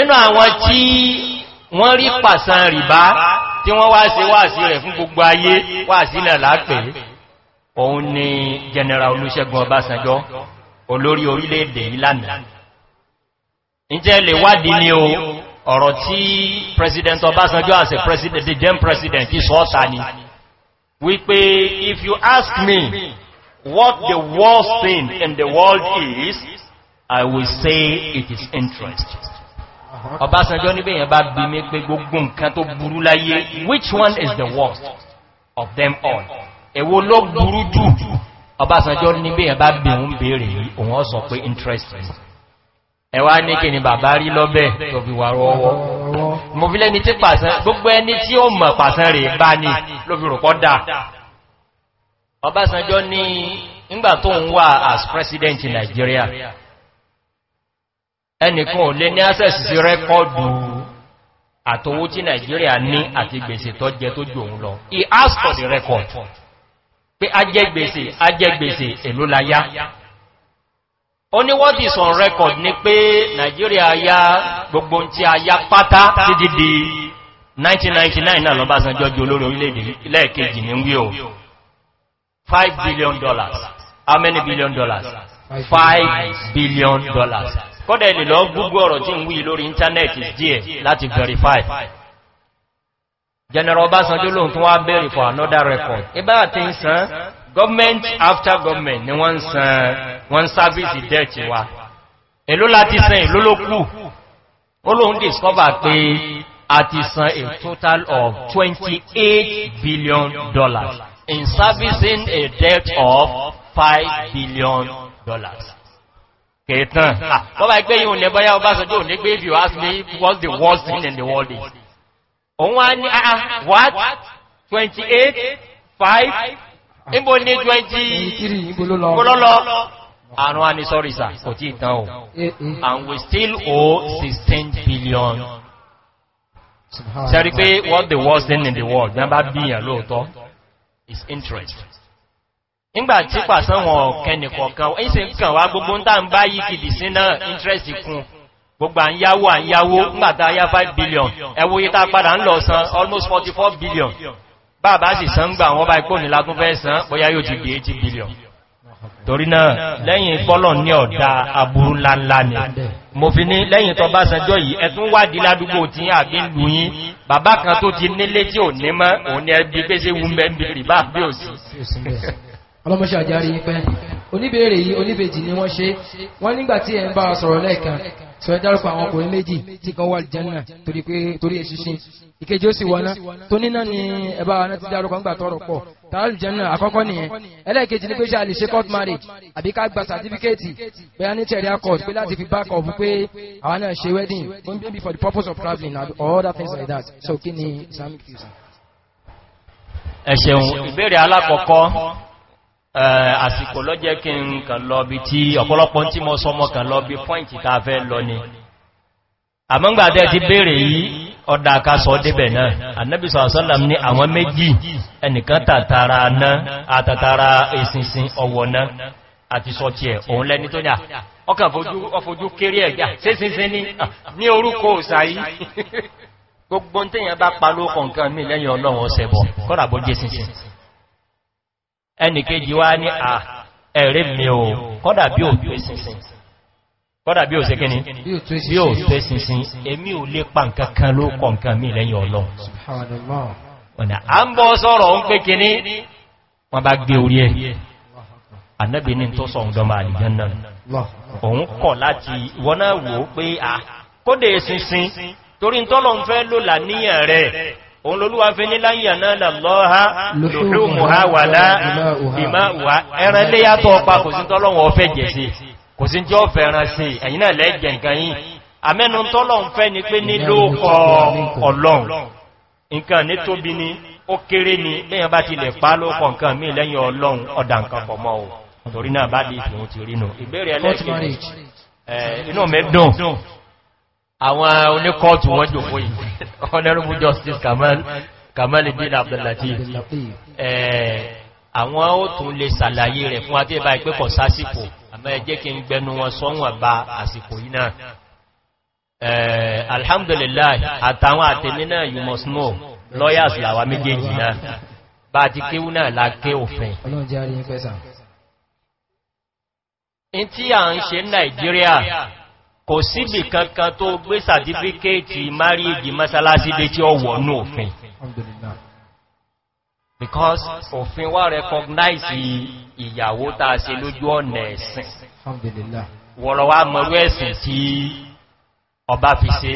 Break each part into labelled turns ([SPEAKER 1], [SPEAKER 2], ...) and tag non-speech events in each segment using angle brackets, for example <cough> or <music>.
[SPEAKER 1] inú àwọn tí wọ́n rí pàṣán rìbá tí wọ́n wá sí wáàsí rẹ̀ fún gbogbo ayé wáàsí ilẹ̀ lápẹ̀ òun ni general olúṣẹ́gun ọbásanjọ́ olórí orílẹ̀-èdè ìlànà ìjẹ́ lè wádìí ni o ọ̀rọ̀ tí president ọbásanjọ́ as a president the then president sọ́ọ̀ta ni wípé if you ask me what the worst thing in the world is i will say it is interest Uh-huh. ọbásanjọ́ níbẹ̀ yẹn bá bí mé pé gbogbo nǹkan tó burú láyé which one is the worst of them all Ewo ló burú jù ọbásanjọ́ níbẹ̀ yẹn bá bi òun bèèrè yìí òun ọ̀sọ̀ pé interest ẹwà ní kí ni bàbá rí lọ́bẹ̀ tó fi wà rọwọ́ mo fi lẹ́ni tí pàṣán gbogbo ẹni tí ó mọ̀ pàṣán rẹ̀ bá ní ló fi rọ̀pọ̀ dà ọbásanjọ́ ní ìgbà tó ń wà as president in nigeria ẹnìkan ò lè ní access sí rẹ́kọ́dù àtowó tí nigeria ní àti gbèsè tó jẹ tó jù òun lọ he asked for the record pé ajẹ́gbèsè ajẹ́gbèsè èló la yá ó ní what is on record ni pé nigeria ya, gbogbo tí a yá pátá títí di 1999 náà lọ́bá sanjọ́ ju olórí orílẹ̀-èdè lẹ́ẹ̀kejì ní wí o 5 billion dollars how many billion dollars 5 billion dollars kọ́dẹ̀ ilẹ̀ lọ gbogbo ọ̀rọ̀ tí ń wí lórí íńtánẹ̀tì díẹ̀ láti verify general obasanjo lóhun tó wá bẹ̀rẹ̀ for another record ibá àti ń san government after government ni wọ́n ń san wọ́n sábìsì dẹ́ẹ̀tì wa èló láti san èló ló kù ó lóhun discover pé a ti san a total of 28 billion dollars in servicing a debt of 5 billion dollars kẹtàn ah, bọ́bá ẹgbẹ́ yíò ní ẹbọ́yá ọba ní pé if you ask me what's the worst thing in the world is òun wá ní ah, ah what 28 5 níbo ní 20 kọlọ́lọ́ àrùn wa ní sorry sir kò tí ìtàn o eh, eh. and we still owe 16 billion
[SPEAKER 2] sẹ́rí pé what
[SPEAKER 1] the worst thing in the world Number a bá lóòótọ́ is interest nígbà tí pàṣán wọn kẹnìkọ̀ọ̀kan ó ṣe kàn wá gbogbo ń tà ń bá yí kìdì sí náà interest kún gbogbo à ń yáwó à ń yáwó ńgbàtà yá 5 billion ẹwọ yí tá padà ń lọ san almost 44 billion bàbá sì san gbà wọn bá ikú nílá tún bóyá yóò ti di 80 billion torí náà lẹ́yìn pọ́lọ̀ ní ọ̀dá aburú ńláńlá ni mo fi ní lẹ́yìn tọ bá sanjọ́ yìí ẹ̀tún wádìí ládúgbò tí àbí ń lù yín bàbá kan tó ti nílé tí ò ní mọ́ òun ni ẹbí pé sí wúmbẹ́ ń bèrè bá bí ò sí
[SPEAKER 2] ọlọ́mọṣẹ́ àjárí yín pẹ́ oníbèrè yìí oníbejì ni wọ́n ṣe wọ́n nígbà tí ẹ̀ ń bá sọ̀rọ̀ lẹ́ẹ̀kan sọ ẹ àwọn ọkùnrin
[SPEAKER 1] méjì tí kan wà jẹ́nà torí eṣinṣin ìkejì ó sì wọná tó ni ẹ bá ti dárúkọ ńgbà tọrọ pọ̀ tààlù jẹ́nà àkọ́kọ́ nìyẹn ẹlẹ́ẹ̀kejì ni pé ṣe àlè ṣe court marriage àbí ká gba certificate bẹ́ẹ̀ ní tẹ̀rí accord pé láti fi back up pé àwa náà ṣe wedding maybe for the purpose of travelling or other things like that so kí ni islamic views. ẹ ìbéèrè alákọ̀ọ́kọ́ Eh, àsìkò lọ́jẹ́ kí n kàn lọ bí tí ọ̀pọ̀lọpọ̀ tí mọ́ sọmọ kàn lọ bí pọ́ìntì ta fẹ́ lọ ni àmọ́gbàdẹ́ ti bèèrè yìí ọdá akásọ débẹ̀ náà annabi sọ̀rọ̀sọ́làm ní àwọn méjì ẹnìkan tàtàrà náà àtàtàrà ìsinsin ọwọ̀ náà àti sọ́tí ẹ̀ òun lẹ́ni tó yà ọkàn fojú kéré ẹ̀gbà sísinsin ní ní orúkọ òsàáyí <laughs> gbogbo tẹ́yàn bá palókọ̀ nǹkan mí lẹ́yìn ọlọ́run ọ̀sẹ̀bọ̀ kọ́ràbọ́ jẹ́ sísinsin ẹnìkejì wá ní à ẹ̀rẹ́ mi ò kọ́dà bí ò tó ṣinṣin kọ́dà bí ò ṣe kíni bí ò tó ṣinṣin èmi ò lè pa nǹkan kan ló kọ nǹkan mi lẹ́yìn ọlọ́run ọ̀nà à ń bọ́ sọ́rọ̀ ń pé kíní wọ́n bá gbé orí ẹ̀ ànábì ní tó sọ ọ̀dọ́mà àdìjọ́n náà òun kọ̀ láti wọ́n náà wò pé à kódà ṣinṣin torí ń ń fẹ́ lò là níyàn rẹ̀ òun lolúwa fi ní láyé ànáàlà lọ́ha lòhùnmùhá wà láàá ẹran lé yàtọ̀ ọpa kò sí tọ́lọ́wọ́ ọfẹ́ jẹ̀sí kò sí tí ó fẹ́ràn sí ẹ̀yìn náà lẹ́jẹ̀ nǹkan yìí àmẹ́nu tọ́lọ́un fẹ́ ni pé ní ló kọ ọlọ́run nǹkan ní tóbi àwọn oníkọ́ọ̀tù wọ́n jòkó yìí honorable justice kamal ibn abdullati àwọn ó tún lè sàlàyé rẹ̀ fún àti ìbá ìpẹ́kọ̀ sásìkò àmọ́ ẹjẹ́ kí n gbẹnu wọn sọ́wọ́n bá àsìkò yìí náà alhamdulillah àtàwọn àtẹ̀mí náà you must know lawyers làwà méjèèjì náà bá ti kéwú náà la ké òfin in tí à ń ṣe Nigeria kò síbì kankan tó gbé sàtífíkèètì máríèjì mọ́sálásí dé tí ó wọ̀ ní òfin because òfin wá recognize ìyàwó ta se lójú ọ̀nà ẹ̀sìn wọ̀rọ̀wà mọ̀rú ẹ̀sìn tí ọba fi se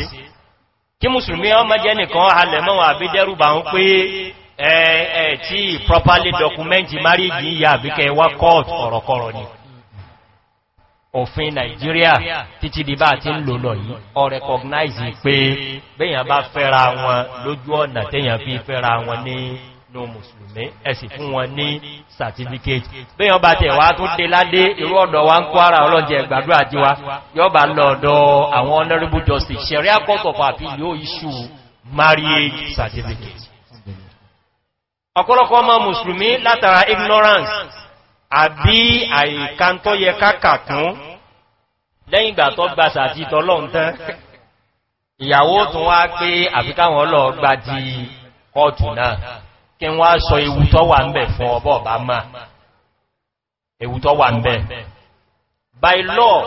[SPEAKER 1] kí musulmi ọmọ jẹ́ nìkan alẹ̀mọ́wà àbídẹ́rùbà ń pé ẹ̀ẹ̀ tí properly document marriage yìí yà àbíkẹ́ wá court ọ̀rọ̀kọ̀rọ̀ ni òfin nigeria títí di bá ti ń lò lọ yìí ọ recognize pé bẹ́yàn bá fẹ́ra wọn lójú ọ̀nà tẹ́yàn fi fẹ́ra wọn ní no musulmi ẹ̀sì fún wọn ní certificate bẹ́yàn bá tẹ̀ wá tó dé ládé irú ọ̀dọ̀ wa ń kó ara ọlọ́jẹ́ ìgbàdúrà jí wa yọ́ lọ́ọ̀dọ̀ àwọn honorable justice sẹ̀rí àkọ́kọ̀kọ́ àfi yóò iṣu marriage certificate ọ̀pọ̀lọpọ̀ ọmọ musulmi látara ignorance àbí àìká tó yẹ káàkà kún lẹ́yìn ìgbà tó gba sàtì tọ́lọ́n tán ìyàwó tún wá pé àfikáwọn ọlọ́ọ̀gbà di kọ́ọ̀tù náà kí wọ́n sọ ewu tó wà ń bẹ̀ fún ọbọ̀ bá má ewu tó wà ń bẹ̀ by law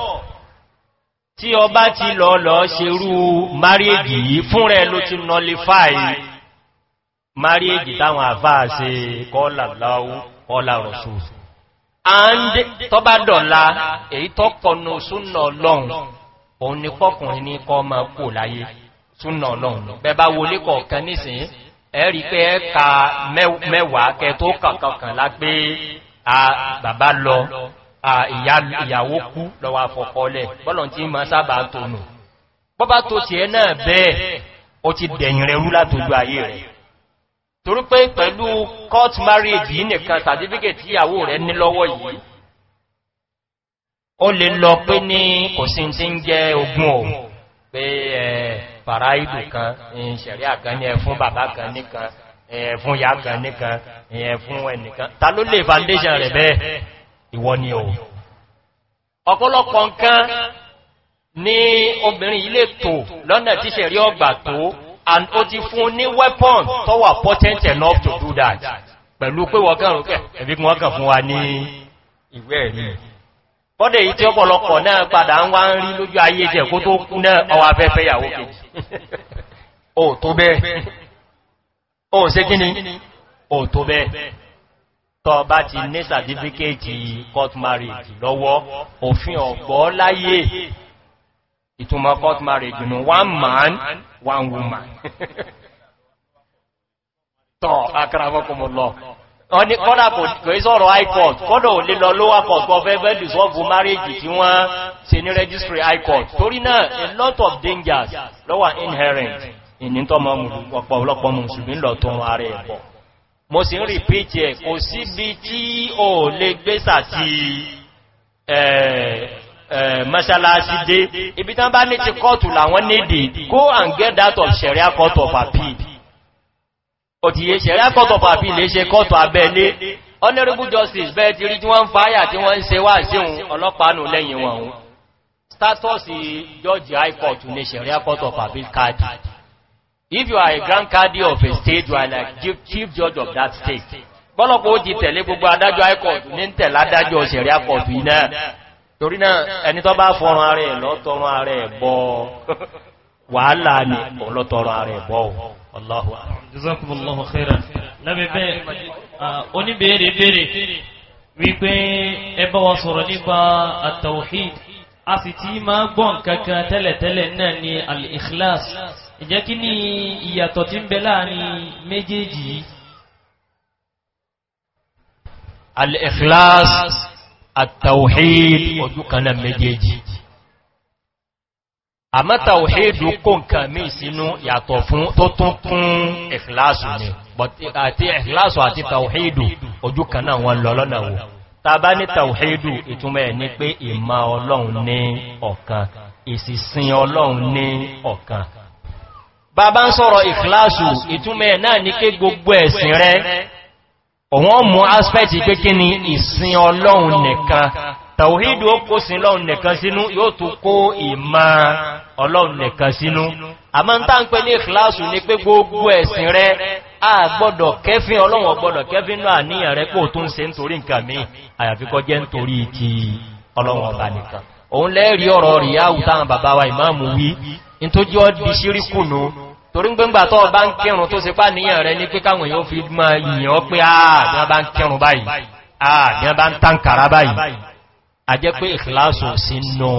[SPEAKER 1] tí ọba ti lọ lọ ṣerú marriage yìí fún rẹ̀ ló ti nullify marriage táwọn àfáà se kọ́ọ̀lá lọ́wọ́ kọ́ọ̀lá rọ̀ṣùsù and tọba dọ̀la èyí tọ́ kọ̀nà súnà ọlọ́run òun ni pọ́kùnrin ní kọ́ ma kò láyé súnà ọlọ́run bẹba wọlé kọ̀ọ̀kan nísìn ẹ̀rí pé ẹka mẹ́wàá kẹ tó kọ̀kọ̀kan lápé a bàbá lọ ìyàwó kú lọ́wọ́ àfọ̀kọ́lẹ̀ bọ́lọ̀ tí ma sábà tónù bọ́bá tó ti ẹ náà bẹ́ẹ̀ ó ti dẹ̀yìn rẹ̀ rú látójú ayé rẹ̀ torí pé pẹ̀lú court marriage yìí nìkan certificate ìyàwó rẹ̀ ní lọ́wọ́ yìí ó lè lọ pé ní kò sí tí ń jẹ́ ogun o pé ẹ̀ faraidu kan ìṣẹ̀rí àkan ní ẹ̀fún bàbá kan nìkan ẹ̀fún ya kan nìkan ẹ̀fún ẹnìkan ta ló lè foundation rẹ̀ bẹ́ẹ̀ ìwọ ni o ọ̀pọ̀lọpọ̀ nǹkan ní obìnrin ilé tò lọ́nà tíṣẹ̀rí ọgbà tó and ó ti fún ní weapon tó wà potent enough to do that pẹ̀lú pé wọ́n kàn rúkẹ̀ ẹ̀bí wọ́n kàn fún wa ní ìwé ẹ̀rí bọ́dẹ̀ yìí tí ọ̀pọ̀lọpọ̀ náà padà ń wá ń rí lójú ayé jẹ́ kó tó kú náà ọwà afẹ́fẹ́ yàwó kejì o <laughs> tó bẹ́ẹ̀ o ṣe kí ni o tó bẹ́ẹ̀ tọ́ bá ti ní sàdífíkẹ́ẹ̀tì court marriage lọ́wọ́ òfin ọ̀gbọ́ láyé ìtumọ̀ court marriage nù one man one woman <laughs> tọ́ akẹ́rẹ́fọ́kùnmọ̀ lọ wọ́n ní kọ́dà kò sọ́rọ̀ high court kọ́dọ̀ ò lè lọ lower court kọ́ fẹ́ fẹ́ dissolve marriage tí wọ́n se ní registry high court torí náà a lot of dangers lọ́wà inherent ìní tọ́mọ ọ̀pọ̀lọpọ̀ mùsùlùmí lọ tó wọn ààrẹ ẹ̀pọ̀ mo sì ń repeat ẹ̀ kò síbi tí ò lè gbé sàti Eh, mọ́ṣálásí dé ibi tán bá ní ti kọ́ọ̀tù làwọn nídi go and get that of sharia court of appeal òtìyẹ sharia court of appeal lè ṣe kọ́ọ̀tù abẹ́lé honorable justice bẹ́ẹ̀ ti rí tí wọ́n ń fáyà tí wọ́n ń se wá sí òun ọlọ́pàá nù lẹ́yìn wọn òun george high court ní sharia court of appeal card if you are a grand caddy of a state you are like chief judge of that state bọ́lọ́pọ̀ ó di tẹ̀lé gbogbo adájọ́ high court ní tẹ̀ládájọ́ sharia court yìí náà torí náà ẹni tó bá fọ́ràn ara ẹ̀ lọ́tọ̀rọ̀ ara ẹ̀ bọ́ wàhálà ní ọlọ́tọ̀rọ̀ ara ẹ̀ bọ́ ọlọ́hùn
[SPEAKER 2] jazakumullahu khairan lábẹ́bẹ́ oníbèèrè bèèrè wípé ẹbá wa sọ̀rọ̀ nípa at-tawhid a sì ti máa gbọ́n kankan al-ikhlas ìjẹ́ kí ni ìyàtọ̀ tí ń bẹ láàrin méjèèjì al-ikhlas
[SPEAKER 1] àtàwòhìd ojú kan náà méjèèjì àmá tàwòhìdù kó nǹkan mí sínú yàtọ̀ fún tó tún kún ìfìláàsù ni àti ìfìláàsù àti tàwòhìdù ojú kan náà wọn lọ lọ́nà wò tàbá ní tàwòhìdù ìtumẹ̀ ní pé ìmá ọlọ́run ní ọ̀kan ìsìsìn ọlọ́run ní ọ̀kan bàbá ń sọ̀rọ̀ ìfìláàsù ìtumẹ̀ náà ní pé gbogbo ẹ̀sìn rẹ̀ òun mú aspect pé kí ni ìsin ọlọ́run nìkan tàwíìdù ó kó sin ọlọ́run nìkan sínú yóò tó kó ìmá ọlọ́run nìkan sínú àmọ́ ń tán pé ní ìkìláàsù ní pé gbogbo ẹ̀sìn rẹ a gbọ́dọ̀ ọlọ́run gbọ́dọ̀ náà rẹ torí gbẹ́ngbà tọ́ bá ń kírùn tó se pá níyàn rẹ ní pé káwọn yóò fi mọ ìyàn pé àà bá ń kírùn báyìí àà bá ń tànkàrá báyìí a jẹ́ pé ìkìláàsù sínú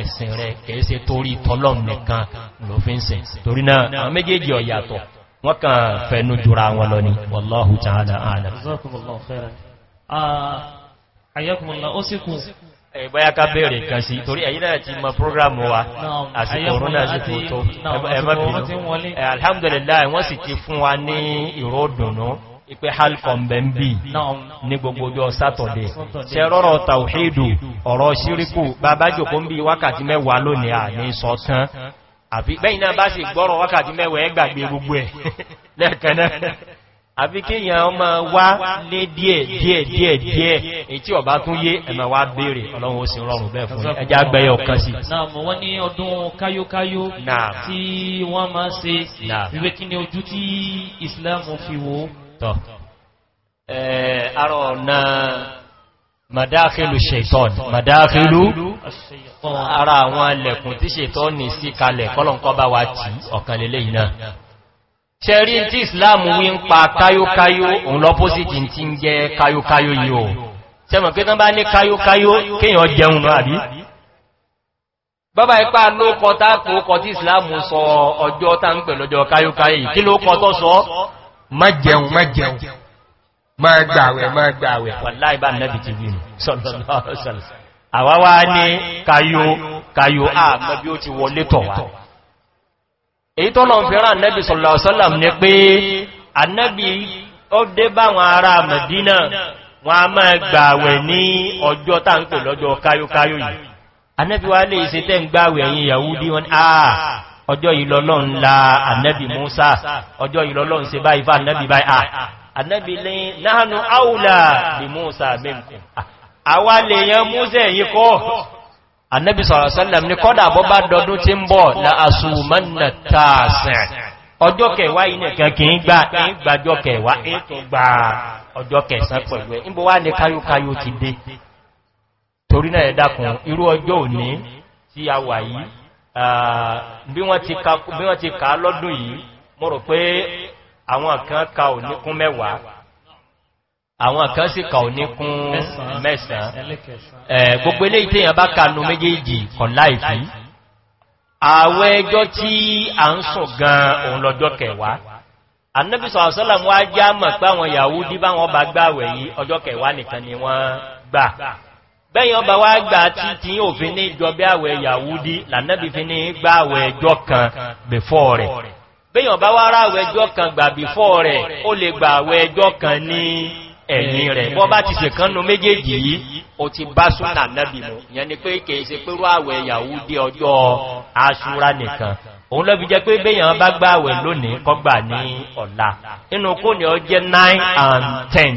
[SPEAKER 1] ẹ̀sìn rẹ̀ kẹ́ẹ́sẹ́ torí tọ́lọ̀ nìkan ló fi ẹ̀gbẹ́yà eh, ká bèèrè kan sí torí ẹ̀yí náà ti mọ prógrámù wa àsìkò rúnà sí tó tó ẹmọ́ bìnú alhamdulillah wọ́n sì ti fún wa ní ìròdùnú ipé halkọ̀mbẹ̀mbì ní gbogbo ọjọ́ sátọ̀dẹ̀ ṣe rọ́rọ̀ tàwíìdù ọ̀rọ̀ síríkù bàbá jòkó ń bí wákàtí mẹ́wàá lónìí à ní sọ́tán àbí bẹ́yìn náà bá sì gbọ́rọ̀ wákàtí mẹ́wàá ẹgbàgbé gbogbo ẹ̀ <laughs> lẹ́ẹ̀kẹ́ náà àfi kéèyàn ọmọ wá lé díẹ̀ díẹ̀ díẹ̀ díẹ̀ ètí ọ̀bá tún yé ẹ̀mọ̀ wá béèrè ọlọ́run ó sì rọrùn bẹ́ẹ̀ fún ẹjá gbẹ́yẹ ọ̀kan sí.
[SPEAKER 2] náà mọ̀ wọ́n ní ọdún káyókáyó tí wọ́n máa ṣe wípé kí ni ojú tí islam fi wo. arọ ọ̀nà madáfílù ṣètọ́n
[SPEAKER 1] ara àwọn alẹ̀kùn tí ṣètọ́n ní sí kalẹ̀ kọ́lọ̀ńkọ́ bá wa tì ọ̀kan lélẹ́yìn ṣẹ̀rí tí islam wí ń pa káyókáyó òun lọ́pọ́sìtì tí ń jẹ káyókáyó yìí o ṣẹ́mọ̀ pé tán bá ní káyókáyó kíyàn jẹun náà rí bọ́bá ipá ló kọ tákò kọ tí islam sọ ọjọ́ tá ń pè lọ́jọ́ káyókáyó yìí kí ló kọ tọ́ sọ má jẹun má jẹun má gbàwẹ̀ má gbàwẹ̀ wàláì bá nẹ́bì ti wí sọ̀tọ̀lọ́sọ̀lọ́ àwáwá ní káyó káyó àmọ́ bí ó ti wọlé tọ̀ èyí tó lọ́n fẹ́ràn anẹ́bì sọ̀lọ̀sọ́lọ̀m ní pé anẹ́bì ó dé bá wọn ará mẹ̀dínà wọn a máa gbàwẹ̀ ní ọjọ́ táǹkò lọ́jọ́ káyókáyó yìí anẹ́bì wá lè ṣe tẹ́ ń gbàwẹ̀ yìí yahudi wọn àà ọjọ́ ìlọ́lọ́n la anẹ́bì musa ọjọ́ ìlọ́lọ́n se bá ifá anẹ́bì bá à anẹ́bì lè náà musa mẹ́mkù musa yìí annabi sọ̀rọ̀sọ́lẹ̀m ní kọ́dà bọ́ bá dọdún tí ń bọ̀ na àṣùmọ́nà tààsẹ̀ ọjọ́ kẹwàá yìí nìkan kìí ìgbàjọ́ kẹwàá ètò gba ọjọ́ kẹsàn pẹ̀lú ẹ̀ wá ní káyókáyó ti dé torí náà ẹ̀dàkùn irú ọjọ́ òní tí a wà yìí bí wọ́n ti ká lọ́dún yìí mọ́rọ̀ pé àwọn kan ka òní kún àwọn kan sí kọ̀ ní kún
[SPEAKER 2] mẹ́sàn gbogbo ilé ìtẹ́yàn bá kanú
[SPEAKER 1] méjèèjì kọ̀ láìfí àwọn ẹjọ́ tí a ń sùn gan òun lọ́jọ́ kẹwàá annabiso asọ́làm wá já mọ̀ pé àwọn yahudi bá wọn bá gbáwẹ̀ yìí ọjọ́ kẹwàá nìkan ni wọ́n gbà bẹ́yìn ọba wá gbà tí tí òfin ní ìjọ bí àwẹ̀ yahudi lànàbí fi ní gbáwẹ̀ ẹjọ́ kan bẹ̀fọ́ rẹ̀ bẹ́yìn ọba wá ráwẹ̀ ẹjọ́ kan gbà bẹ̀fọ́ rẹ̀ ó lè gbà ẹjọ́ kan ní ẹ̀yìn rẹ̀ bọ́ bá ti sèkánnú méjèèjì yìí o ti bá súnà náàbì mú yẹn ni pé kèèsè pérú àwẹ̀ ìyàwó dé ọjọ́ aṣúra nìkan òun lọ́bi jẹ́ pé bẹ́yàn bá gbáwẹ̀ lónìí kọgbà ní ọ̀la inú kó ní ọjẹ́ 9 and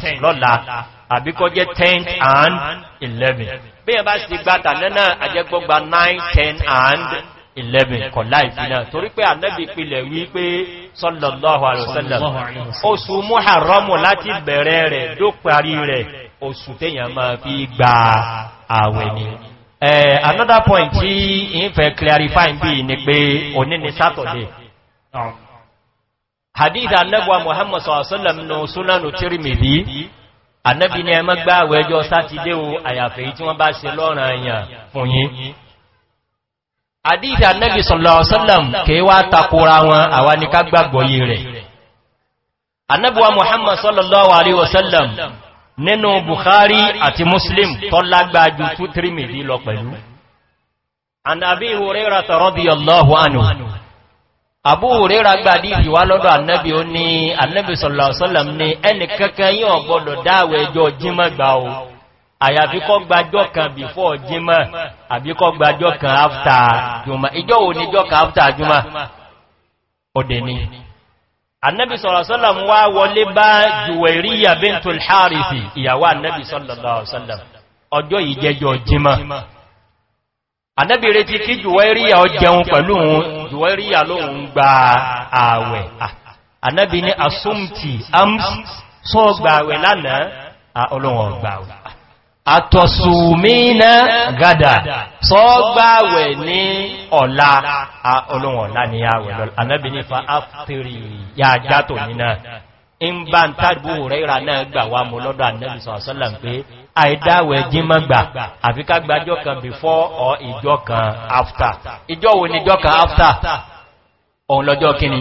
[SPEAKER 1] 10 lọ́la àbíkọjẹ́ 10 and 11 bẹ́yàn bá sì gbátà náà àjẹ́gbọ́gba 9 10 and 11 kọ̀ láìsí náà torí pé ànẹ́bì pilẹ̀ wí pé sọ́lọ̀lọ́wọ́ àrùsẹ́lẹ̀ oṣù mọ́hàrọ́mù láti bẹ̀rẹ̀ rẹ̀ dóparí rẹ̀ oṣù tẹ́yàn máa fi gba àwẹ̀ ni another point tí ìfẹ́ clarify bí ni pé òní ni saturday hadith anẹ́bùwa muhammad sọ̀rọ̀sọ́lẹ̀m nù súnánù tírímìdí anẹ́bì ni ẹmẹ́gbà àwẹ́jọ́ sátidé o àyàfẹ́ tí wọ́n bá àdídà nẹ́bì sọ̀lọ̀sọ́lọ̀m kèé wá takora wọn àwá ní ká gbàgbọ́ yìí rẹ̀. annabuwa muhammad sọ̀lọ̀lọ́wà àríwọ̀sọ́lọ̀m nínú buhari àti muslim tó lágbàájú tú tírímìdí lọ pẹ̀lú. annabi hurera tọrọbi allahu anu abu hurera gbàdí ìwá lọ́dọ̀ annabi ó ní annabi sọ̀lọ̀sọ́lọ̀m ní àyàfi kọ́ gbàjọ́ kan before jímọ̀ àbí kọ́ gbàjọ́ kan after jùmọ̀ ìjọ́ wo ni jọ́ kan after jùmọ̀ òdè ni annabi sọ̀rọ̀sọ́lọ̀m wá wọlé bá juwẹ̀ríyà bintul harifi ìyàwó annabi sọ̀rọ̀sọ́lọ̀m ọjọ́ ìjẹjọ jímọ̀ annabi retí kí juwẹ̀ríyà ọ jẹun pẹ̀lú juwẹ̀ríyà lóhun gba ààwẹ̀ àtọ̀sùmínà gádà sọ́gbàwẹ̀ ní ọ̀la ọlọ́run ọ̀la a àwẹ̀ lọ́la anábi ní fa áfẹ́rì ya gátò nínà in bá ń tàbí rẹ̀ ìrà náà gbà wá mú lọ́dọ̀ anábi sọ̀sọ́lá pé àìdáwẹ̀ jímọ́gbà àfikágbà before or ìjọ́ kan after ìjọ́ wo ni jọ́ after ọ̀hun lọ́jọ́ kíni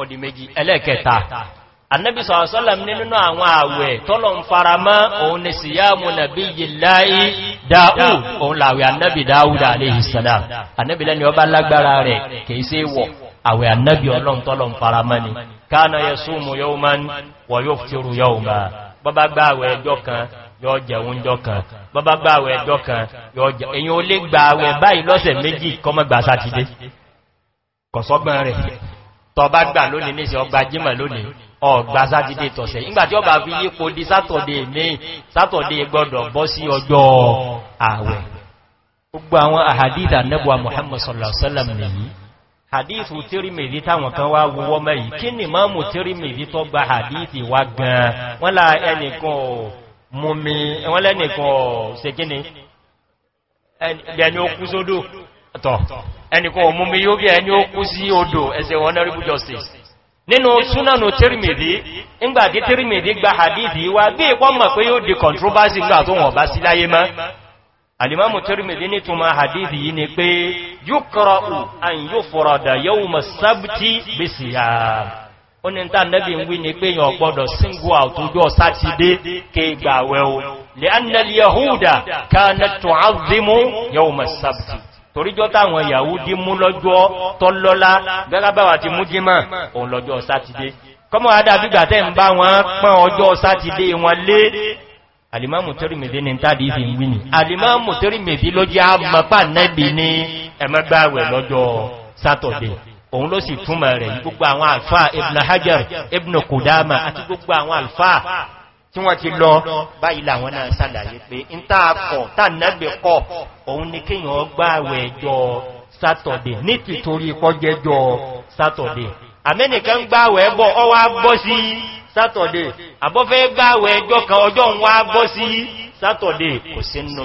[SPEAKER 1] ọdí méjì ẹlẹ́ẹ̀kẹta annabi sọ̀rọ̀sọ́lọ̀m nínú àwọn àwẹ̀ tọ́lọ̀ ń fara mọ́ òun ni síyámù nàbí yìláyí dáú òun làwẹ̀ annabi dáúdà aléhìsàdá annabi lẹ́ni ọba lágbára rẹ̀ kìí sí wọ̀ àwẹ̀ annabi ọlọ́n tọ́lọ̀ ń fara mọ́ ni káàna yẹ súnmù yóò mọ́ wọ yóò fìrù yóò mọ́ bọ́bá gbá àwẹ̀ ẹjọ́ kan yóò jẹ oúnjọ́ kan bọ́bá gbá àwẹ̀ ẹjọ́ kan yóò jẹ èyàn ó lé kọ̀sọ́gbọ́n rẹ̀ tọba gbà lónìí ní ìsẹ̀ ọgbà jímọ̀ lónìí ọ̀gbà sátidé tọ̀sẹ̀ ìgbàtí ọba fi yípo di sátọ̀dé mẹ́yìn sátọ̀dé gbọdọ̀ bọ́ sí ọjọ́ ààwẹ̀ gbogbo àwọn àhàdìdà nẹ́bùwa mohamed sọ̀lọ̀sọ́lọ̀m nìyí hadithu tirimidi táwọn kan wá wúwọ́ mẹ́yìí kí ni mọ́mù tirimidi tó gba hadithi wá gan wọ́n lá ẹnìkan mumi wọ́n lẹ́nìkan ṣekíní ẹni mumi yóò bí ẹni ó kú sí odò ẹsẹ̀ honorable justice nínú súnánù tírímìdí ńgbàdí tírímìdí gba hadithi wa bí ìpọ́ mọ̀ pé yóò di controversy ńgbà tó wọ̀n bá sí láyé mọ́ alimamu tírímìdí ní túnmọ̀ hadithi yìí ni pé yúkọrọ̀ù àn yóò fọ̀rọ̀dà yóò mọ̀ sábtí bí sí ya ó ní ta nẹ́bí ń wí ni pé yàn gbọ́dọ̀ single out toríjọ́ táwọn ìyàwó dí mú lọ́jọ́ tọ́lọ́lá gẹ́gábàwà ti mú jímọ̀ òun lọ́jọ́ sátidé kọmọ̀ adábígbà tẹ́ ń bá wọn pán ọjọ́ sátidé wọn lé alimamu tẹ́rìmìdí ní tàbí ìfì ń wíni alimamu tẹ́rìmìdí ló jẹ́ àmọ́pà nẹ́bì ní ẹmẹ́gbàwẹ̀ lọ́jọ́ sátọ̀dé òun ló sì túnmọ̀ rẹ̀ gbogbo àwọn alfa ibn hajar ibn kudama àti gbogbo àwọn alfa tí wọ́n ti lọ báyìí làwọn náà sàlàyé pé ń tààkọ̀ tàànàbẹ̀kọ̀ òun ni kíyàn gbáwẹ̀ ẹjọ́ sátọ̀dẹ̀ ní tìtorí pọ́jẹjọ́ sátọ̀dẹ̀ àmẹ́nìkan gbáwẹ̀ bọ́ ọ wá bọ́ sí sátọ̀dẹ̀ àbọ́fẹ́ gbáwẹ̀ ẹjọ́ kan ọjọ́ ń wá bọ́ sí sátọ̀dẹ̀ kò sínú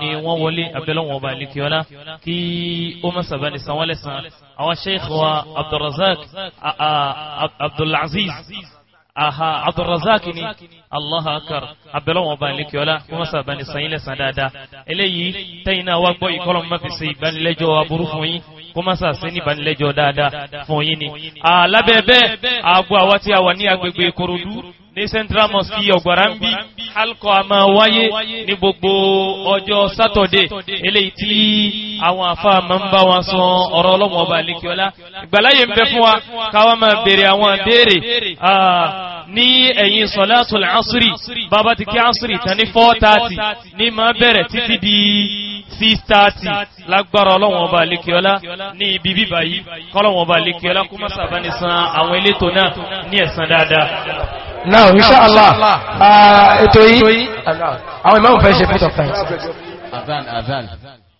[SPEAKER 2] ni wọ́n wọlé abẹ́lẹ́wọ̀n ọba alikiola kí ó mọ̀ sàbẹ̀ni sanwó-ẹlẹ́sàn àwọn sheikh wa abdulrazak abdulaziz aha abdulrazak ni allah akar abẹ́lẹ́wọ̀n ọba alikiola kó mọ̀ sàbẹ̀ni sanwó-ẹlẹ́sàn dáadáa eléyìí tẹ́yìn náà wá gbọ́ ìkọlọ́mọ́ fi ṣe ìbánilẹ́jọ́ aburú fún yín kọmásà sí níbanilẹ́jọ́ dáadáa fún yín ni alábẹ́ẹ̀bẹ́ ààbò àwa tí a wà ní agbègbè Ìkòròdú ní central mosque ọgbàrá ń bí alkọ a máa wáyé ní gbogbo ọjọ́ sátọ̀dé eléyìí tí àwọn àfáà máa ń bá wọn sọ ọ̀rọ̀ ọlọ́mọ ọba àlékiọlá ìgbàláyé ń bẹ fún wa káwa máa béèrè àwọn béèrè ní ẹ̀yìn sọ̀látùl asri bàbá ti kí asri tán ní 4:30 ní máa bẹ̀rẹ̀ títí di sí stáàtì lágbára ọlọ́wọ̀n ọba alékiọlá ní ibi bíbà yìí kọ́lọ̀wọ̀n ọba alékiọlá kó mọ́sà bá ní san àwọn elétò náà ní ẹ̀san dáadáa. now insha allah uh, ètò yìí àwọn ìmáàmù fẹ́ ṣe put of thanks.